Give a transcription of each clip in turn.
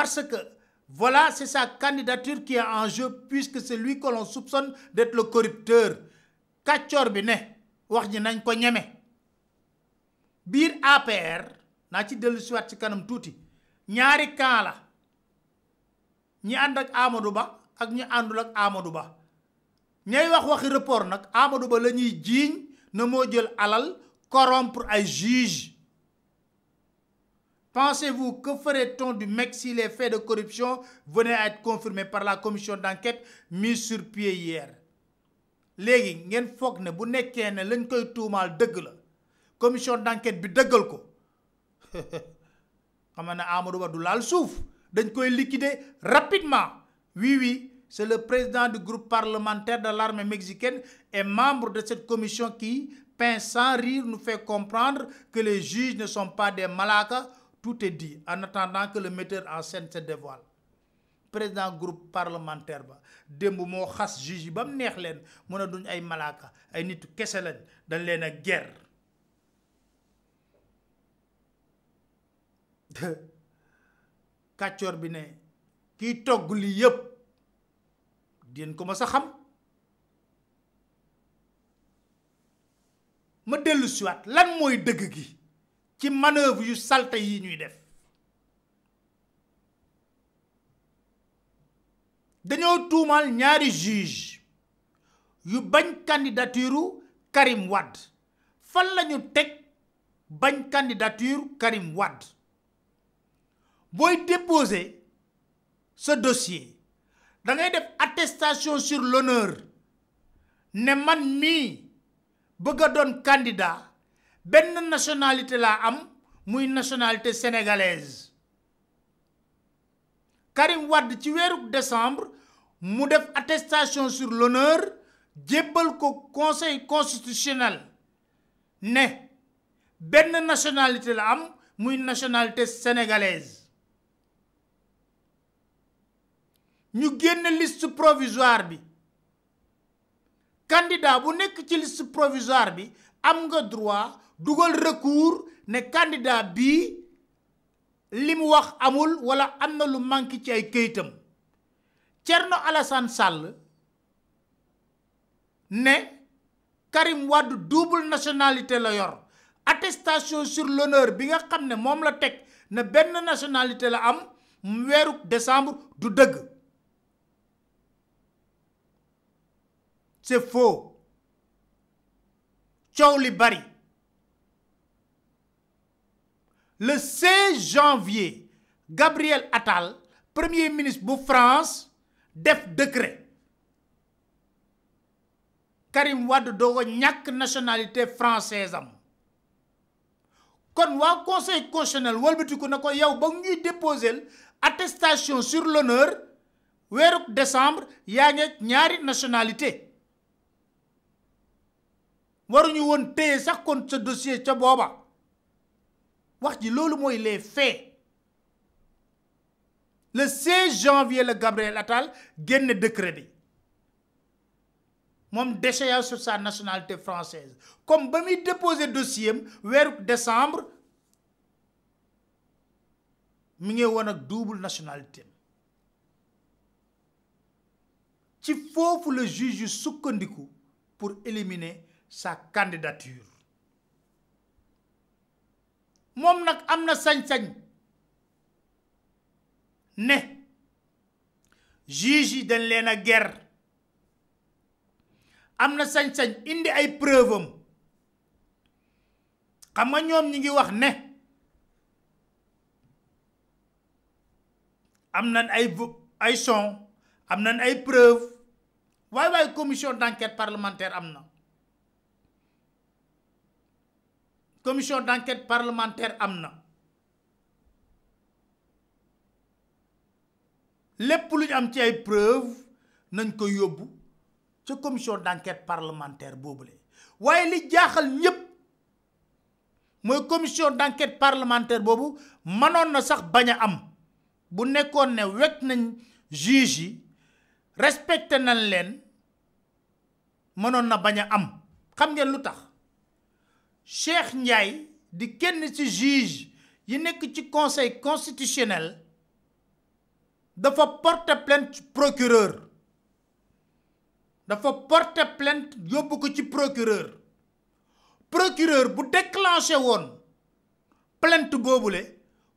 Parce que voilà, c'est sa candidature qui est en jeu puisque c'est lui que l'on soupçonne d'être le corrupteur. kàccoor bi ne wax ji nañ ko APR nati ci dellu siwaat ci kanam tuuti ñaari camp ñi ànd ak Amadou Ba ak ñi Amadou Ba ñay wax waxi report nak Amadou Ba lañuy na jël alal corrompre ay juge Pensez-vous que ferait-on du mec si les faits de corruption venaient à être confirmés par la commission d'enquête mise sur pied hier Légui, ngeen foog ne bu nekkee ne lañ koy tuumaal deug la commission d'enquête bi dëggal ko xam Amadou Ba laal dañ koy liquider rapidement oui oui c'est le président du groupe parlementaire de l'armée mexicaine et membre de cette commission qui peint sans rire nous fait comprendre que les juges ne sont pas des malakas tout est dit en attendant que le metteur en scène se dévoile président groupe parlementaire ba démb moo xas juge yi ba mu neex leen mun a duñ ay malaaka ay nitu kese lañ dañ leen a guerre kàccoor bi ne kiy togg li yépp ko ma sa xam ma dellu siwaat lan mooy dëgg gi ci manœuvre yu salte yi ñuy def dañoo tuumal ñaari juge yu bañ candidature Karim Wade fan lañu teg bañ candidature Karim Wade booy déposer ce dossier da ngay def attestation sur l'honneur ne man mii bëgg candidat benn nationalité laa am muy nationalité sénégalaise Karim Wade ci weeru décembre mu def attestation sur l'honneur du ko conseil constitutionnel ne benn nationalité la am muy nationalité sénégalaise ñu une liste provisoire bi candidat bu nekk ci liste provisoire am nga droit dugal recours ne candidat bi limouach amul wala am lu manqué ci ay Alassane Sall ne Karim double nationalité attestation sur l'honneur bi nga la nationalité la am décembre du c'est faux le 16 janvier Gabriel Attal premier ministre de France def décret Karim Wade dooga ñàkk nationalité française Quand kon wa conseil constitutionnel a na ko yow ba ñuy déposer attestation sur l'honneur weeru décembre yaa a ñaari nationalité waruñu won téye sax kon ce dossier ca booba wax ji loolu mooy les faits le 16 janvier le Gabriel Attal génne décret bi mom déchéance sur sa nationalité française comme ba muy déposé dossier vers décembre mi ngi won ak double nationalité Il faut que le juge le sukkandiku pour éliminer sa candidature Mom nak amna sañ-sañ ne juge dañ leen guerre. sañ-sañ indi ay preuve am xam ñi ngi wax ne amna ay ay son ay commission d'enquête parlementaire commission d'enquête parlementaire amna lepp luñ am ci ay preuve nañ ko yobbu ci commission d'enquête parlementaire boobule waye li jaaxal ñépp moy commission d'enquête parlementaire bobu manon na sax baña am bu nekkoon ne wek nañ juge yi respecté nañ leen manon na baña am xam ngeen lu tax Cheikh Ndiaye di kenn ci juge yi nekk conseil constitutionnel dafa porter plainte procureur dafa porter plainte yóbbu ko ci procureur procureur bu déclenché woon plainte boobule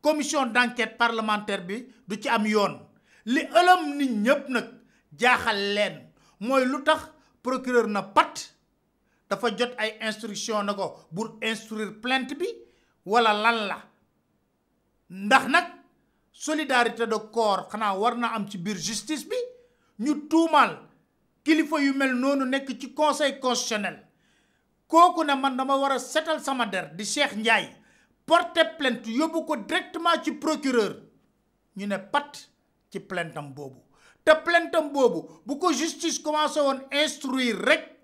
commission d'enquête parlementaire bi du ci am yoon li ëlëm nit ñépp nag jaaxal leen mooy procureur na pat dafa jot ay instruction na ko pour instruire plainte bi wala lan la ndax nag solidarité de corps xanaa war na am ci biir justice bi ñu tuumaal kilifa yu mel noonu nekk ci conseil constitutionnel kooku ne man dama war a setal sama der di Cheikh Ndiaye porter plainte yóbbu ko directement ci procureur ñu ne pat ci plaintam boobu te plaintam boobu bu ko justice commencé woon instruire rek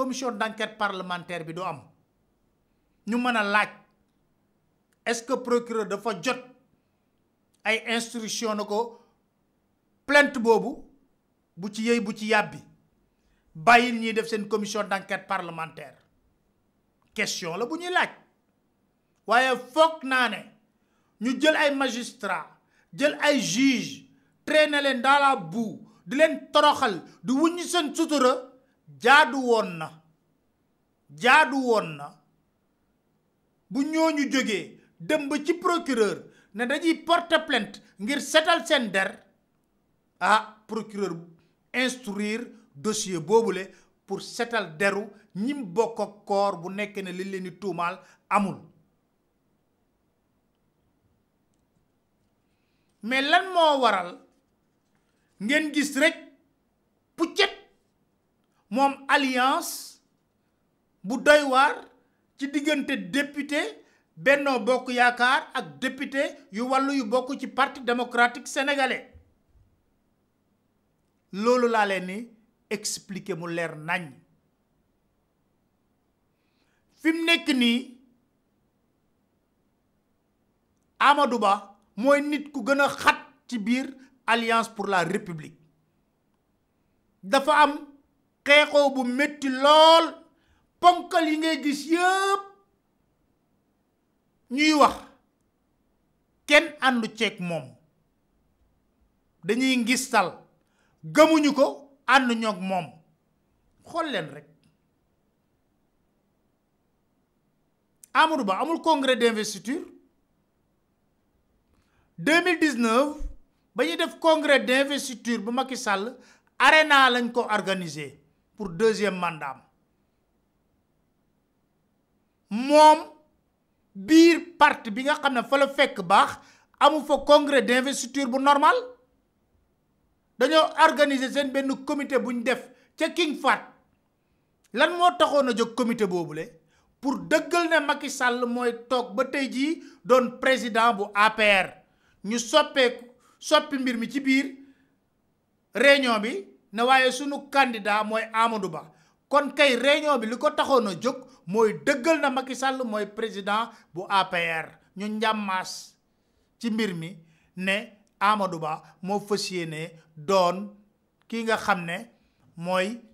commission d'enquête parlementaire bi du am ñu mën a laaj est-ce que procureur dafa jot ay instruction na ko plainte boobu bu ci yëy bu ci yàbbi bàyyil ñuy def seen commission d'enquête parlementaire question la bu ñuy laaj waaye foog naa ne ñu jël ay magistrat jël ay juge na leen dans la boue di leen toroxal di wuñ seen sutura jaadu woon na jaadu woon na bu ñooñu jógee dëmb ci procureur ne dañuy porter plainte ngir setal seen der ah procureur instruire dossier boobule pour setal deru ñim bokk ak koor bu nekk ne li leen di tuumaal amul mais lan moo waral ngeen gis rek puccet mom alliance bu doy waar ci diggante député Benno Bokk Yaakaar ak député yu walu yu bokk ci parti démocratique sénégalais loolu la leen ni expliquer mu leer nañ fim mu nekk Amadou nit ku gën a xat ci biir alliance pour la république dafa am xeexoo bu metti lool ponkal yi ngay gis yëpp ñuy wax kenn ànd ceeg moom dañuy ngistal gëmuñu ko àndu ñoog moom xool leen rek Amadou Ba amul congrès d'investiture 2019 ba ñu def congrès d'investiture bu Macky Sall arena lañ ko organisé pour deuxième mandat Mom, bir parti bi nga fa la fekk congrès d'investiture bu normal organiser sen un comité bu def King Fat. lan mo comité pour ne Macky Sall moy tok ba tay président bu APR ñu soppé soppi mbir mi ci réunion na waye sunu candidat moy Amadou Ba kon kay réunion bi liko taxono juk moy deugal na Macky Sall moy président bu APR ñu ñamass ci mbir mi ne Amadou Ba mo fassiyene don ki nga xam ne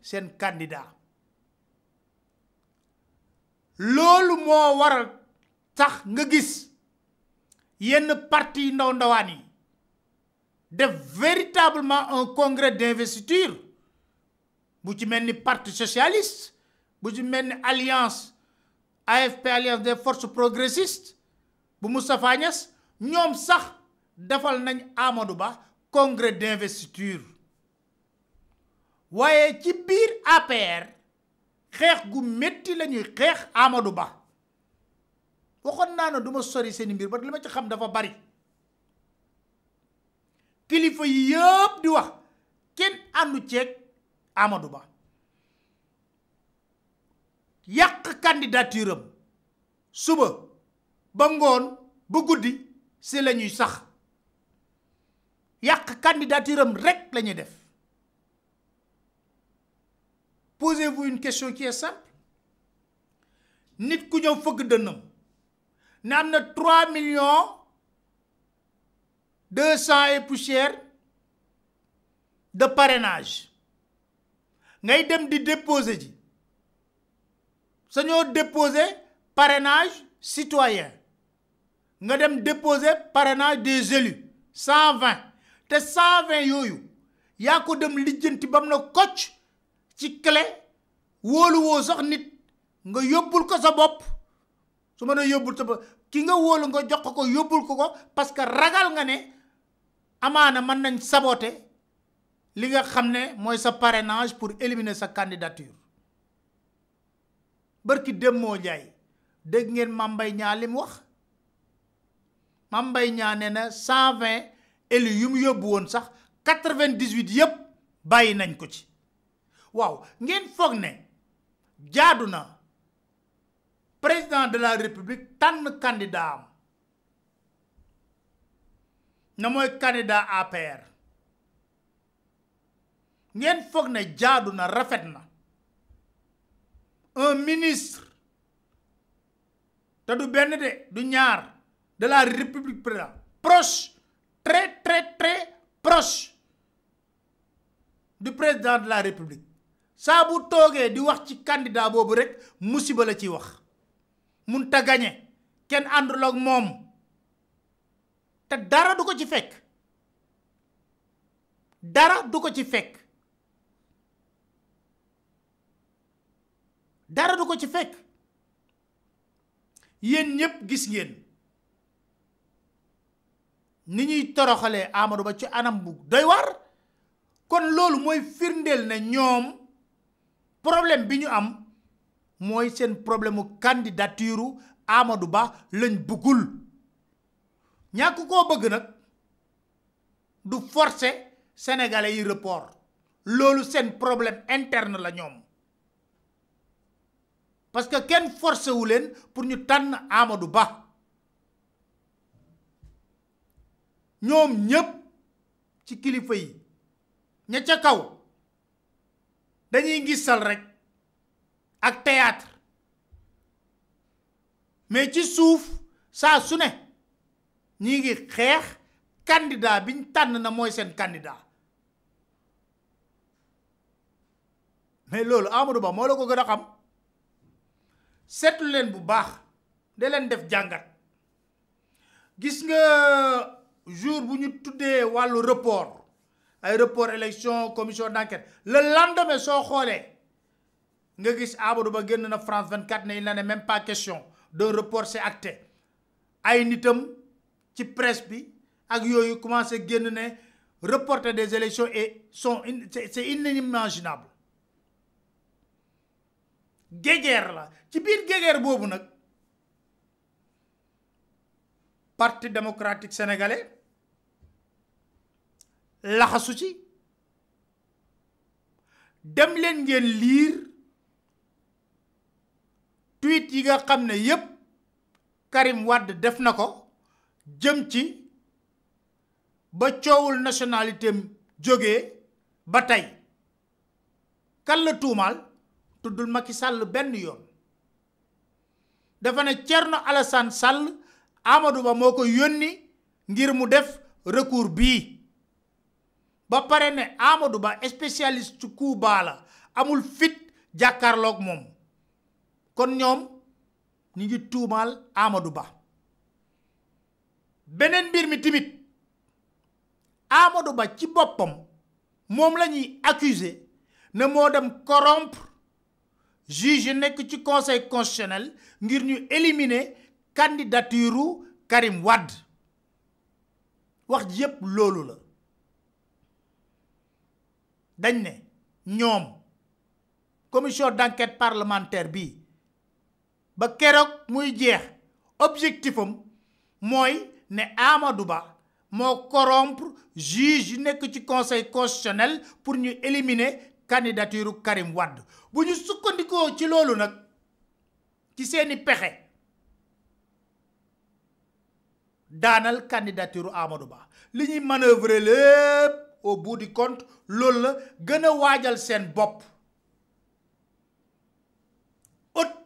sen candidat lolou mo waral tax nga gis yenn parti ndaw ndawani De véritablement un congrès d'investiture bu ci mel ni parti socialiste bu ci mel alliance AFP alliance des forces progressistes bu Moustapha Niass ñoom sax defal nañ Amadou Ba congrès d'investiture waaye ci biir APR xeex gu metti la ñuy Amadou Ba waxoon ne sori seen ci xam kilifa yeb di wax kenn àndu ceeg amadou ba yak candidature suba ba ngoon bu guddi ci lañuy sax yak candidature rek lañuy def posez-vous une question qui est simple nit ku ñëw fëgg deñum ne 3 millions 200 et poussière de parrainage Nous dem di déposer ji déposé. déposer parrainage citoyen nga dem déposer parrainage des élus 120, vingt te cent vingt dem bam na ci clé wo sax nit nga yobul ko sa bop su a ki parce que ragal nga ne amaana mën nañ sabote li nga xam ne mooy sa parrainage pour éliminer sa candidature bërki moo jaay dégg ngeen mambay ñaa li mu wax mambay ñaa nee na cent vingt élus yu mu yóbbu woon sax quatre-vingt-dix-huit yépp bàyyi nañ ko ci waaw ngeen foog ne jaadu na président de la république tànn candidat am na mooy candidat APR ngeen foog ne jaadu na rafet na un ministre te du benn de du ñaar de la république président proche très très très proche du président de la république sa bu toogee di wax ci candidat boobu rek musiba la ciy wax mun ta gagné kenn àndul moom te dara du ko ci fekk dara du ko ci fekk dara du ko ci fekk yéen ñépp gis ngeen ni ñuy toroxalee Amadou Ba ci anam bu doy war kon loolu mooy firndeel ne ñoom problème bi ñu am mooy seen problème mu candidature Amadou Ba lañ bëggul ñàkk ko bëgg nak du forcer sénégalais yi report lolu sen problème interne la ñom parce que ken forcer wu len pour ñu tànn amadou ba ñom ñep ci kilifa yi ña ca kaw dañuy rek ak théâtre mais ci souf sa suné ñi ngi xeex candidat biñ tànn na mooy seen candidat mais loolu Amadou Ba moo la ko gën a xam seetlu leen bu baax de leen def jàngat gis nga jour bu ñu tuddee wàllu report ay report élection commission d'enquête le lendemain soo xoolee nga gis Amadou Ba génn na France 24 ne il n'en est même pas question d'un report c'est acté ay nitam ci presse bi ak yooyu commencé génn reporter des élections et sont c'est inimaginable guéguerre la ci biir guéguerre boobu nag parti démocratique sénégalais laxasu ci dem leen ngeen lire tweet yi nga xam yépp Karim Wade def jëm ci ba coowul nationalitéem jógee ba tey kan la tuumaal tuddul Macky Sall benn yoon dafa ne Thierno Alassane Sall Amadou Ba moo ko yónni ngir mu def recours bii ba pare ne Amadou Ba spécialiste kuubaala amul fit jàkkaarloog moom kon ñoom ñu ngi tuumaal Amadou Ba benen mbir mi timit Amadou Ba ci accuser ne moo corrompre... corrompre juge que ci conseil constitutionnel ngir ñu éliminer candidature Karim Wade wax yépp la dañ commission d'enquête parlementaire bi ba muy jeex ne Amadouba Ba corrompre juge nek ci conseil constitutionnel pour ñu éliminer candidature Karim Wad. bu ñu sukkandiko ci lolu nak ci seeni pexé danal candidature Amadou Ba li ñi manœuvrer au bout du compte la seen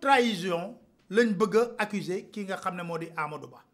trahison lañ bëgg accuser ki nga